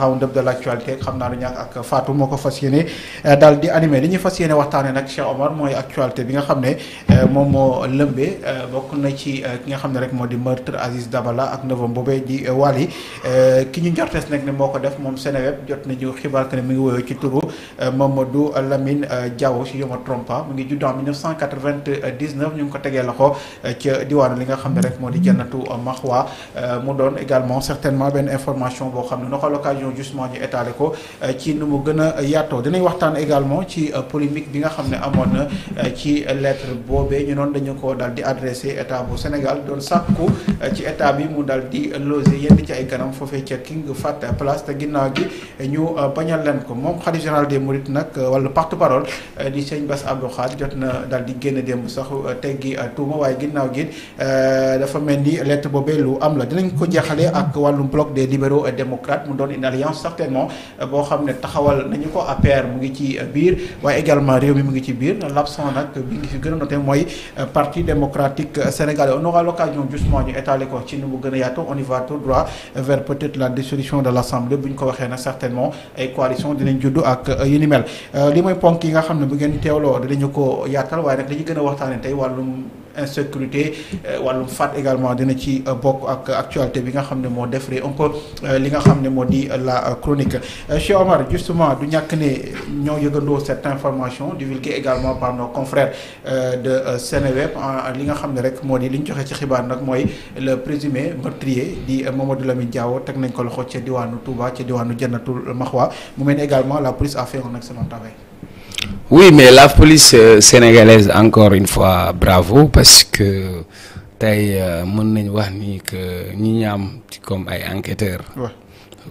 xaw ndëb de l'actualité xam naa du ñàkk ak Fatou moo ko fas yéene euh, daal di animé li ñuy fas yéene waxtaanee nag Cheikh Omar mooy actualité bi nga xam ne euh, moom moo lëmbee euh, bokk na ci ki nga xam ne rek moo di meurtre Aziz Dabala ak neveu boobee di Wali ki ñu njortees nag ne moo ko def moom Seneweb jot nañu xibaar que ne mi ngi woyoo ci turu Mamadou Lamine Diawo si je me trompe pas mu ngi judd en 1999 ñu ngi ko tegee loxo ca diwaanu li nga xam ne rek moo di jannatu Maxwa mu doon également certainement benn information boo xam ñëw justement ñu étaler ko euh, ci nu mu gën a yaatoo waxtaan également ci euh, polémique bi nga xam ne amoon na euh, ci lettre boobee ñu noonu dañu ko daal di adressé état bu Sénégal doon sàkku ci état bi mu daal di loger yenn ci ay ganam foofee ca King Fahd Palace te ginnaaw gi ñu bañal leen ko moom xalif général des Mourides nag wala porte-parole di sëñ Bass Abdou Khadre jot na daal di génn démb sax teggi tuuma waaye ginnaaw gi dafa mel ni lettre boobee lu am la dinañ ko jeexalee ak wàllum alliance certainement euh, boo xam ne taxawal nañu ko APR mu ngi ci euh, biir waaye également réew mi mu ngi ci biir l'absent nag bi ngi fi gën a noté mooy euh, parti démocratique sénégalais on aura l'occasion justement ñu étaler ko ci nu mu gën yaatu on y va tout droit vers peut la dissolution de l'assemblée bu ko waxee nag certainement ay coalition dinañ juddu ak yu ni mel li mooy ponk yi nga xam ne bu ngeen teewloo dinañu ko yaatal waaye nag li ñu gën a waxtaanee insécurité euh, wàllum faat également dina ci euh, bokk ak actualité bi nga xam ne moo defaree un peu euh, li nga xam ne moo di la chronique Cheikh Omar justement du ñàkk ne ñoo yëgandoo cette information divulguée également par nos confrères de Seneweb li nga xam ne rek moo di li ñu joxe ci xibaar nag mooy le présumé meurtrier di moom Mamadou Lamine Diawo teg nañ ko loxo ca diwaanu Touba ca diwaanu Jannatul Maxwa mu mel ne également la police à fait nag sama travail. oui mais la police euh, sénégalaise encore une fois bravo parce que tey euh, mën nañu wax ni que ñi ñaam ci comme ay enquêteurs.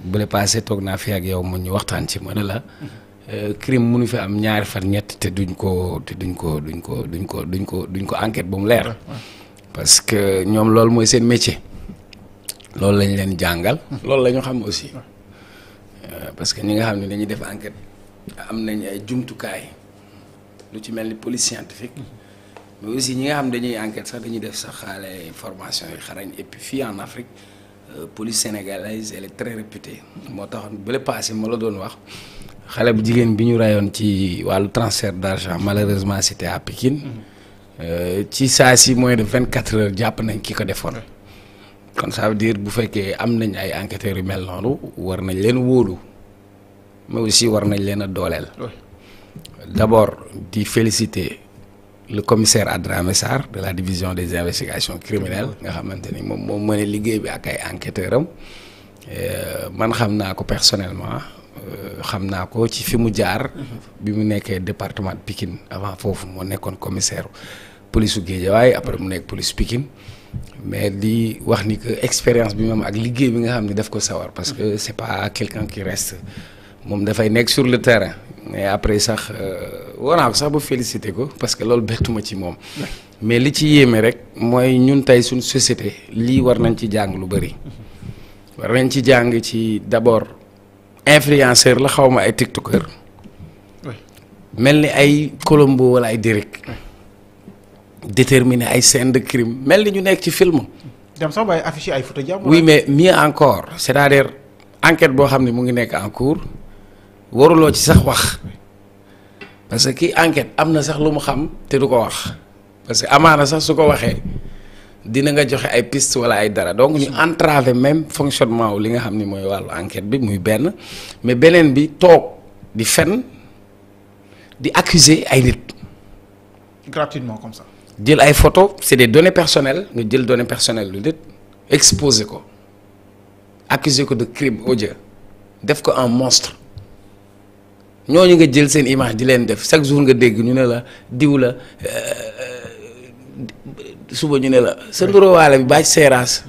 bu le passé toog naa fi ak yow mu ñu waxtaan ci ma ne la euh, crime mënu fi am ñaari fan ñett te duñ ko te duñ ko duñ ko duñ ko duñ ko duñ ko enquête bu mu leer. parce que ñoom loolu mooy seen métier. loolu lañ leen jàngal. loolu la xam aussi. parce que ñi nga xam ne dañuy def enquête am nañ ay jumtukaay. lu ci mel ni police scientifique mais aussi ñi nga xam dañuy enquête sax dañuy def sax xaale formation yi xarañ et puis fii en Afrique euh, police sénégalaise elle est moo tax moo taxoon bële passé ma la doon wax xale bu jigéen bi ñu reyoon ci wàllu transfert d'argent malheureusement c'était à Pikine mm-hmm. euh, ci saa si moins de vingt quatre heures jàpp nañ ki ko defoon kon ça veut dire bu fekkee am nañ ay enquêteurs yu mel noonu war nañ leen wóolu mais aussi war nañ leen a dooleel d'abord di féliciter le commissaire Adramé Sarr de la division des investigations criminelles nga xamante ni moom moom mën a liggéey bi ak ay enquêteurs am euh, man xam naa ko personnellement euh, xam naa ko ci fi mu jaar bi mu nekkee département de Pikine avant foofu moo nekkoon commissaire police u Guédiawaye après mu nekk police Pikine mais di wax ni que expérience bi moom ak liggéey bi nga xam ni daf ko sawar parce que c'est pas quelqu'un qui reste moom dafay nekk sur le terrain mais après sax euh, war naa ko sax ba félicité ko parce que loolu bettuma ci moom. mais li ci yéeme rek mooy ñun tey suñ société lii war nañ ci jàng lu bëri. war nañ ci jàng ci d'abord influenceur la xawma ay tiktoker. mel ni ay Colombo wala ay Derrick. déterminer ay scène de crime mel ni ñu nekk ci film. dem sax ba affiché ay photo jàmm. oui mais mieux encore c'est-à-dire enquête boo xam ne mu ngi nekk en cours. waruloo ci sax wax parce que kii enquête am na sax lu mu xam te du ko wax parce que amaana sax su ko waxee dina nga joxe ay piste wala ay dara donc ñu entraver même fonctionnement wu li nga xam ni mooy wàllu enquête bi muy benn mais beneen bi toog di fen di accuser ay nit. gratuitement comme jël ay photo c'est des données personnelles nga jël données personnelles lu nit exposé ko accuser ko de crime odieux def ko un monstre. ñooñu nga jël seen image di leen def chaque jour nga dégg ñu ne la diw la euh, suba ñu ne la sa ndurowaale bi bàyyi seeraas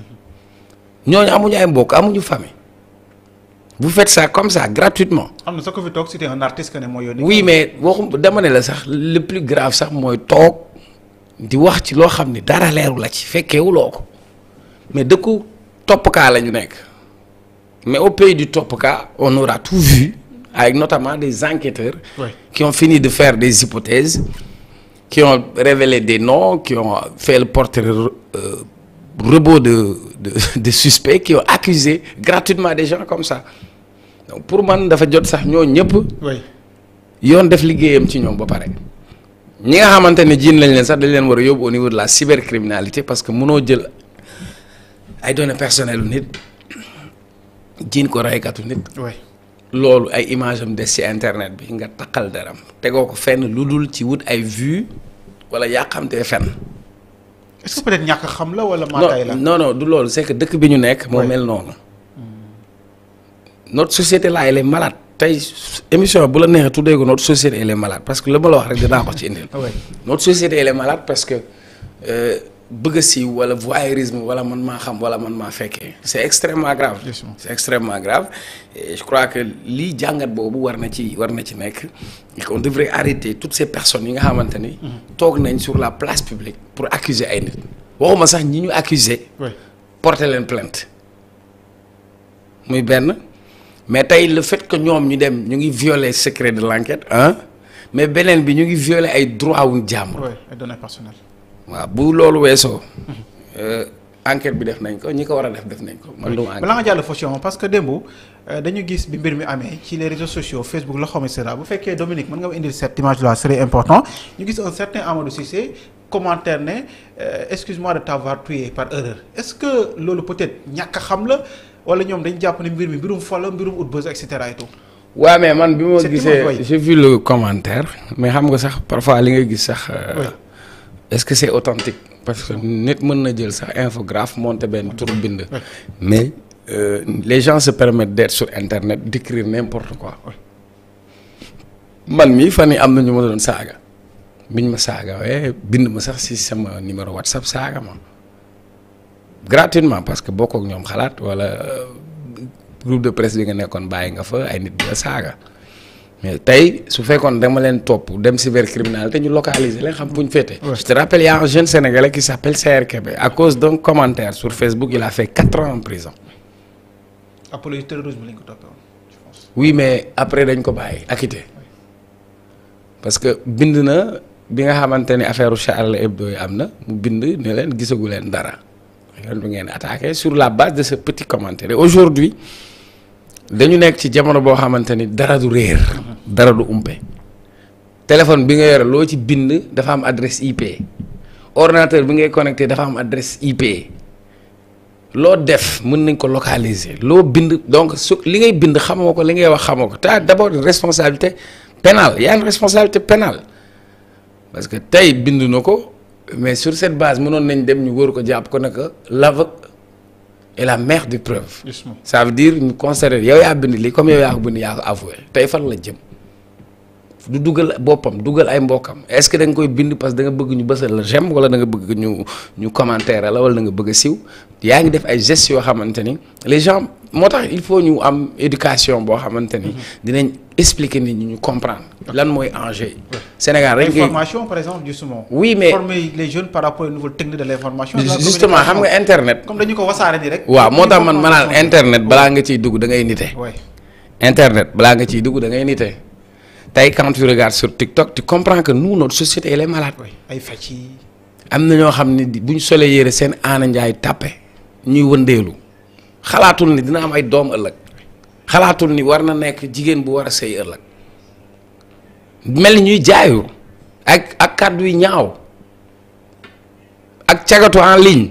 ñooñu amuñu ay mbokk amuñu famille bu faites ça comme ça gratuitement. am na sa ko fi toog c'était un artiste que ne mais waxum dama ne la sax le plus grave sax mooy toog di wax ci loo xam ni dara leeru la ci fekkeewuloo ko mais dëkku toppkaa la ñu nekk mais au pays du toppkaa on aura tout vu. avec notamment des enquêteurs oui. qui ont fini de fair des hypothèses, qui ont révélé des non qui ont fait le portrait euh, de, de, de, suspects, qui ont accusé gratuitement des gens comme sax pour man dafa jot sax ñooñ ñëpp. Oui. yoon def liggéeyam ci ñoom ba pare. ñi nga xamante ne jiin lañ leen sax dañ leen war a yóbbu au niveau de la cybercriminalité parce que munoo jël ay données personnelles nit jiin ko raykatu nit. loolu ay image am des ci internet bi nga taqal deram tegoo ko fenn lu dul ci wut ay vue wala yaa xamtee fenn. est-ce xam la wala. maataay la non du loolu c'est dëkk bi ñu nekk. moo mel noonu. Hmm. notre société là elle est malade tey émission bu la neexee tuddee ko notre société elle est malade parce que li ma la wax rek dinaa ko ci indil. notre société elle est malade bëgg a siiw wala voyeurisme wala man maa xam wala man maa fekkee c'est extrêmement grave c'est extrêmement grave je crois que lii jàngat boobu war na ci war na ci nekk et qu'on devrait arrêter toutes personnes yi nga xamante ni mhm. toog nañ sur la place publique pour accuser ay nit waxuma sax ñi ñu accuser porter leen plainte muy benn mais tey le fait que ñoom ñu dem ñu ngi violer secret de l'enquête ah mais beneen bi ñu ngi violer ay droit wu jàmbur ay données waaw bu loolu weesoo. Euh, enquête bi def nañ ko ñi ko war a def def nañ ko. man duma enquête balaa nga jàll Faution parce que démb euh, dañu gis bi mbir mi amee ci les réseaux sociaux Facebook la xaw bu fekkee Dominique mën nga ma indil cette image là c'est important ñu gis un commentaire ne euh, excuse de t'avoir tué par erreur est-ce que loolu peut-être ñàkk a xam la wala ñoom dañu jàpp ne mbir mi mbirum folo la mbirum ut bës et cetera et tout. waaw mais man bi ma gisee j'ai vu le commentaire mais xam nga sax parfois li nga gis sax. est-ce que c'est authentique parce que nit mën na jël sax infographe monter benn tur bind. mais euh, les gens se permettent d'être sur internet d'écrire n'importe quoi man mii fan yi am na ñu ma doon saaga biñ ma saaga waaye bind ma sax ci sama numéro WhatsApp saaga ma gratuitement parce que boo kook ñoom xalaat walla euh, groupe de presse bi nga nekkoon bàyyi nga fa ay nit di la saaga. mais tey su fekkoon dama leen topp dem cybercriminalité ñu localiser leen xam fu ñu féete. je te rappelle y a un jeune sénégalais qui s'appelle Saër Kébé à cause d'un commentaire sur Facebook il a fait quatre ans en prison. apologie terrorisme lañ ko toppee woon je mais après dañ ko bàyyi acquitté parce que bind na bi nga xamante ni affaire Charlie Hebdo yi am na mu bind ne leen gisagu leen dara yoon ngeen attaqué sur la base de ce petit commentaire et aujourd'hui dañu nekk ci jamono boo xamante dara du umpe téléphone bi nga yore loo ci bind dafa am adresse IP ordinateur bi ngay connecté dafa am adresse IP loo def mën nañ ko localiser loo bind donc su li ngay bind xamoo ko li ngay wax xamoo ko te d'abord responsabilité pénale y a une responsabilité pénale parce que tey bind na ko mais sur cette base mënoon nañ dem ñu waru ko jàpp ko naka l'aveu et la mère des preuves. ça veut dire ñu considérer yow yaa bind lii comme yow yaa ko bind yaa ko avoué tey fan la jëm. du dugal boppam dugal ay mbokkam est-ce que da koy bind parce que nga bëgg ñu bësal la j'aime wala da nga bëgg ñu ñu commentaire la wala da nga bëgg a yaa ngi def ay gestes yoo xamante ni les gens moo tax il faut ñu am éducation boo xamante ni mhm. dinañ expliquer nit ñi ñu comprendre lan mooy enjeu yi. Sénégal rek information par exemple justement. oui mais former les par rapport aux nouvelles techniques de l'information. justement xam nga internet. comme dañu ko wasaare rek. waaw moo tax man maanaam internet balaa nga ciy dugg da ngay nite. internet balaa nga ciy dugg da ngay nite. tey quand tu regardes sur TikTok tu comprends que nous notre société ay fàcc yi. am na ñoo xam ne bu ñu solee yére seen aana njaay tàppe ñuy wëndeelu xalaatul ni dina am ay doom ëllëg xalaatul ni war na nekk jigéen bu war a sëy ëllëg mel ni ñuy jaayu ak ak kàddu yu ñaaw ak cagatu en ligne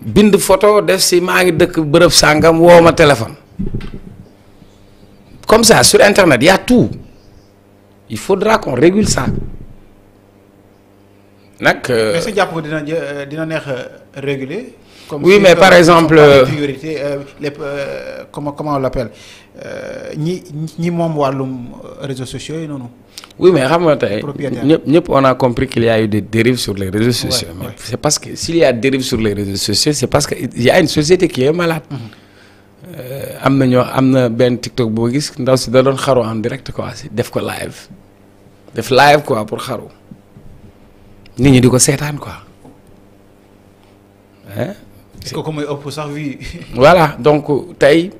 bind photo def si maa ngi dëkk bërëb sàngam woo ma téléphone. comme ça sur internet y a tout il faudra qu'on régule ça nag. Euh, mais sa jàpp dina euh, dina neex euh, réguler. comme oui mais par exemple priorité lépp comment comment on l'appelle ñi ñi moom wàllum réseaux sociaux yi noonu. oui mais xam nga tey on a compris qu'il y a eu des dérives sur les réseaux sociaux. c'est parce que s'il y a dérive sur les réseaux sociaux c'est parce que il y a une société qui est malade. Mhm. Euh, am na ñoo am na benn TikTok boo gis ndaw si da doon xaru en direct quoi si def ko live def live quoi pour xaru nit ñi di ko seetaan quoi. est-ce que ko mooy ëpp sax voilà donc tey.